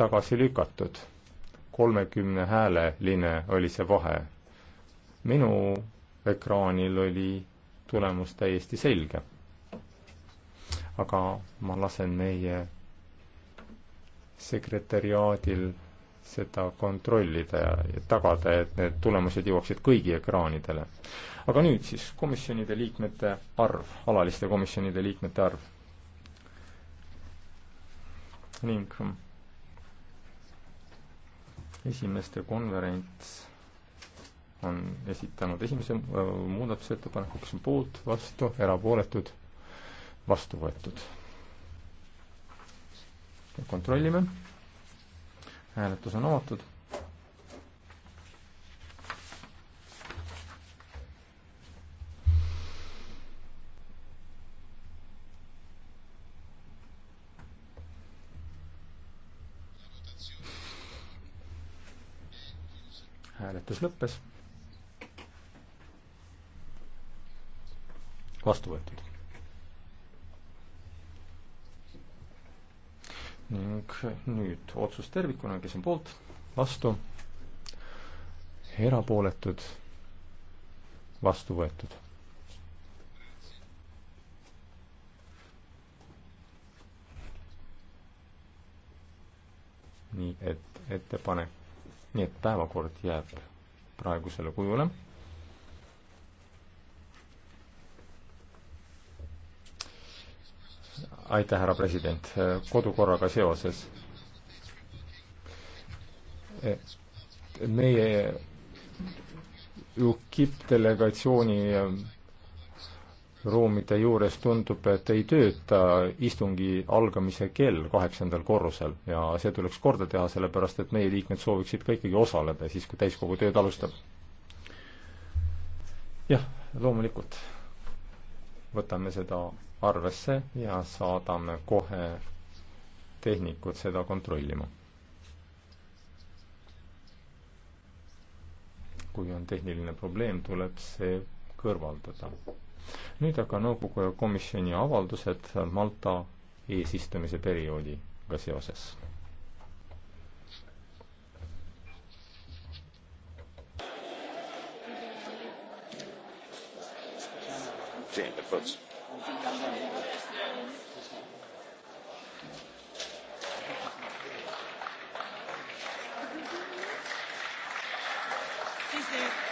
tagasi lükatud. kolmekümne hääleline oli see vahe. minu ekraanil oli tulemus täiesti selge. aga ma lasen meie sekretäriaadil seda kontrollida ja tagada, et need tulemused jõuaksid kõigi ekraanidele. aga nüüd siis komisjonide liikmete arv, alaliste komisjonide liikmete arv. ning esimeste konverents on esitanud esimese äh, muudatusettepaneku, kes on poolt, vastu, erapooletud, vastu võetud. kontrollime. hääletus on avatud. hääletus lõppes. vastu võetud. ning nüüd otsus tervikuna, kes on poolt, vastu, erapooletud, vastu võetud nii et ettepanek nii et päevakord jääb praegusele kujule. aitäh, härra president, kodukorraga seoses. Eh, meie UKIP delegatsiooni ruumide juures tundub, et ei tööta istungi algamise kell kaheksandal korrusel ja see tuleks korda teha, sellepärast et meie liikmed sooviksid ka ikkagi osaleda siis, kui täiskogu tööd alustab. jah, loomulikult võtame seda arvesse ja saadame kohe tehnikud seda kontrollima. kui on tehniline probleem, tuleb see kõrvaldada. nüüd aga nõukogu ja komisjoni avaldused Malta eesistumise perioodiga seoses. Sì, per forza. Thank you.